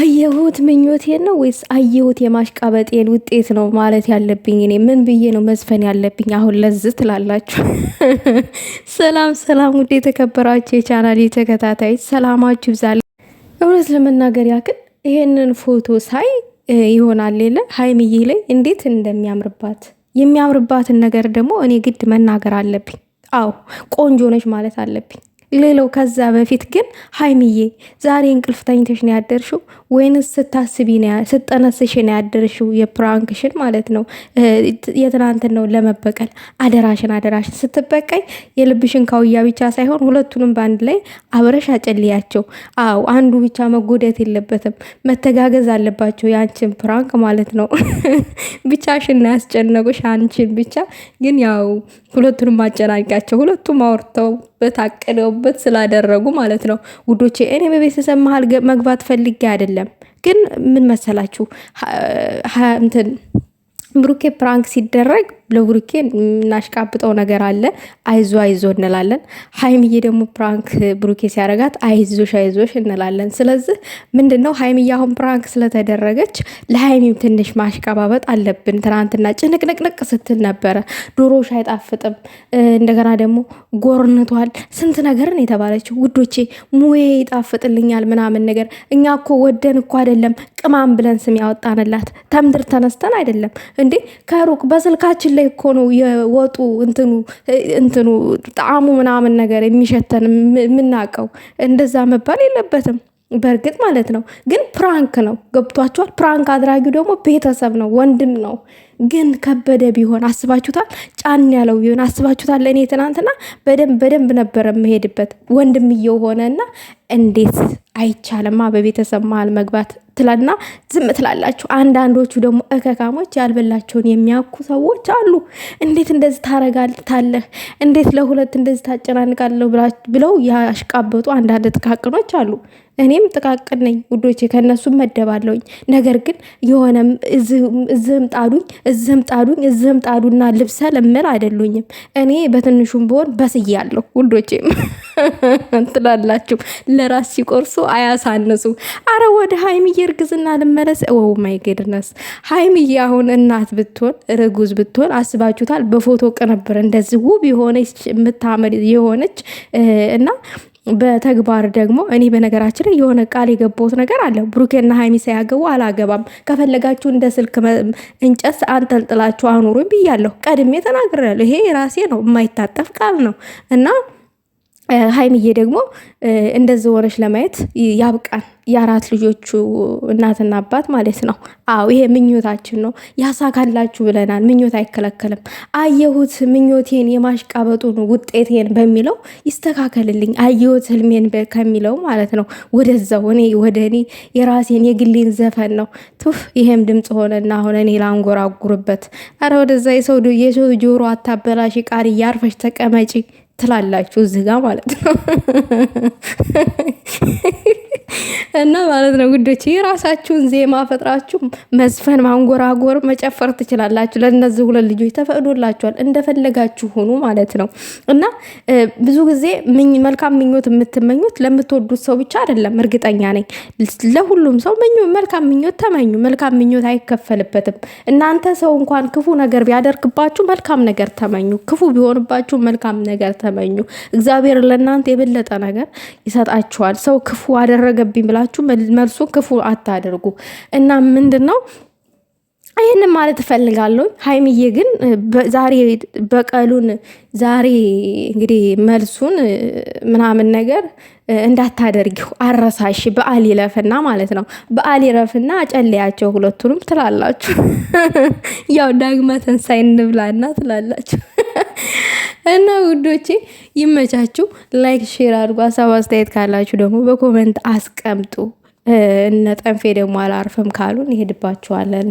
አየሁት ምኞቴን ነው ወይስ አየሁት የማሽቃበጤን ውጤት ነው ማለት ያለብኝ? እኔ ምን ብዬ ነው መዝፈን ያለብኝ? አሁን ለዝ ትላላችሁ። ሰላም ሰላም፣ ውድ የተከበራችሁ የቻናል የተከታታይ ሰላማችሁ ይብዛል። እውነት ለመናገር ያክል ይሄንን ፎቶ ሳይ ይሆናል የለ ሀይምዬ ላይ እንዴት እንደሚያምርባት የሚያምርባትን ነገር ደግሞ እኔ ግድ መናገር አለብኝ። አዎ ቆንጆ ነች ማለት አለብኝ። ሌላው ከዛ በፊት ግን ሀይሚዬ ዛሬ እንቅልፍ ተኝተሽ ነው ያደርሽው ወይንስ ስታስቢ ስጠነስሽ ነው ያደርሽው? የፕራንክሽን ማለት ነው ነው ለመበቀል አደራሽን አደራሽን ስትበቀኝ የልብሽን ካውያ ብቻ ሳይሆን ሁለቱንም በአንድ ላይ አብረሽ አጨልያቸው። አዎ አንዱ ብቻ መጎደት የለበትም መተጋገዝ አለባቸው። የአንችን ፕራንክ ማለት ነው ብቻሽን ያስጨነቁሽ አንቺን ብቻ ግን ያው ሁለቱንም አጨናቂያቸው ሁለቱም አውርተው በታቀደውበት ስላደረጉ ማለት ነው ውዶቼ። እኔ በቤተሰብ መሀል መግባት ፈልጌ አይደለም፣ ግን ምን መሰላችሁ እንትን ብሩኬ ፕራንክ ሲደረግ ለቡሩኬ እናሽቃብጠው ነገር አለ። አይዞ አይዞ እንላለን። ሀይምዬ ደግሞ ፕራንክ ብሩኬ ሲያደርጋት አይዞሽ አይዞሽ እንላለን። ስለዚህ ምንድን ነው ሀይምዬ አሁን ፕራንክ ስለተደረገች ለሀይሚም ትንሽ ማሽቀባበጥ አለብን። ትናንትና ጭንቅንቅንቅ ስትል ነበረ። ዶሮሽ አይጣፍጥም፣ እንደገና ደግሞ ጎርንቷል፣ ስንት ነገርን የተባለችው ውዶቼ፣ ሙዬ ይጣፍጥልኛል ምናምን ነገር እኛ እኮ ወደን እኮ አይደለም ቅማም ብለን ስም ያወጣንላት ተምድር ተነስተን አይደለም እንዴ ከሩቅ በስልካችን ላይ እኮ ነው የወጡ እንትኑ እንትኑ ጣዕሙ ምናምን ነገር የሚሸተን የምናውቀው። እንደዛ መባል የለበትም በእርግጥ ማለት ነው። ግን ፕራንክ ነው ገብቷቸዋል። ፕራንክ አድራጊው ደግሞ ቤተሰብ ነው፣ ወንድም ነው። ግን ከበደ ቢሆን አስባችሁታል? ጫን ያለው ቢሆን አስባችሁታል? እኔ ትናንትና በደንብ በደንብ ነበረ የምሄድበት ወንድም እየሆነ እና እንዴት አይቻልማ በቤተሰብ መሀል መግባት ትላና ዝም ትላላችሁ። አንዳንዶቹ ደግሞ እከካሞች ያልበላቸውን የሚያኩ ሰዎች አሉ። እንዴት እንደዚህ ታረጋልታለህ እንዴት ለሁለት እንደዚህ ታጨናንቃለሁ ብለው ያሽቃበጡ አንዳንድ ጥቃቅኖች አሉ። እኔም ጥቃቅን ነኝ ውዶቼ፣ ከእነሱም መደባለውኝ። ነገር ግን የሆነም እዝህም ጣዱኝ፣ እዝህም ጣዱኝ፣ እዝህም ጣዱና ልብሰ ለምር አይደሉኝም። እኔ በትንሹም ብሆን በስያለሁ ውዶቼም ትላላችሁ ለራስ ሲቆርሱ አያሳንሱ። አረ ወደ ሀይምዬ እርግዝና ልመለስ። ወው ማይ ገድነስ ሀይሚዬ አሁን እናት ብትሆን ርጉዝ ብትሆን አስባችሁታል? በፎቶ ቅንብር እንደዚህ ውብ የሆነች የምታምር የሆነች እና በተግባር ደግሞ እኔ በነገራችን ላይ የሆነ ቃል የገባሁት ነገር አለ። ብሩኬና ሀይሚ ሳያገቡ አላገባም፣ ከፈለጋችሁ እንደ ስልክ እንጨት አንጠልጥላችሁ አኑሩኝ ብያለሁ። ቀድሜ ተናግሬያለሁ። ይሄ የራሴ ነው፣ የማይታጠፍ ቃል ነው እና ሀይምዬ ደግሞ እንደዚህ ሆነች ለማየት ያብቃን። የአራት ልጆቹ እናትና አባት ማለት ነው። አዎ ይሄ ምኞታችን ነው፣ ያሳካላችሁ ብለናል። ምኞት አይከለከልም። አየሁት ምኞቴን የማሽቃበጡን ውጤቴን በሚለው ይስተካከልልኝ። አየሁት ህልሜን ከሚለው ማለት ነው ወደዛው እኔ ወደ እኔ የራሴን የግሌን ዘፈን ነው። ቱፍ ይሄም ድምፅ ሆነና ሆነ እኔ ላንጎራጉርበት። አረ ወደዛ የሰው ጆሮ አታበላሽ፣ ቃሪ እያርፈሽ ተቀመጪ። ትላላችሁ እዚህ ጋር ማለት ነው። እና ማለት ነው ጉዶች፣ የራሳችሁን ዜማ ፈጥራችሁ መዝፈን፣ ማንጎራጎር፣ መጨፈር ትችላላችሁ። ለእነዚህ ሁለት ልጆች ተፈቅዶላችኋል። እንደፈለጋችሁ ሆኑ ማለት ነው እና ብዙ ጊዜ መልካም ምኞት የምትመኙት ለምትወዱት ሰው ብቻ አይደለም። እርግጠኛ ነኝ ለሁሉም ሰው መልካም ምኞት ተመኙ። መልካም ምኞት አይከፈልበትም። እናንተ ሰው እንኳን ክፉ ነገር ቢያደርግባችሁ መልካም ነገር ተመኙ። ክፉ ቢሆንባችሁ መልካም ነገር ተመኙ። እግዚአብሔር ለእናንተ የበለጠ ነገር ይሰጣችኋል። ሰው ክፉ አደረገብኝ ብላችሁ ሆናችሁ መልሱን ክፉ አታደርጉ እና ምንድን ነው ይህንን ማለት እፈልጋለሁ። ሀይሚዬ ግን ዛሬ በቀሉን ዛሬ እንግዲህ መልሱን ምናምን ነገር እንዳታደርጊው አረሳሽ። በዓል ይለፍና ማለት ነው። በዓል ይረፍና አጨለያቸው ሁለቱንም ትላላችሁ። ያው ዳግማ ትንሳኤ እንብላና ትላላችሁ። እና ውዶቼ ይመቻችሁ። ላይክ፣ ሼር አድርጎ ሀሳብ አስተያየት ካላችሁ ደግሞ በኮመንት አስቀምጡ። እነ ጠንፌ ደግሞ አላርፍም ካሉን ይሄድባችኋለን።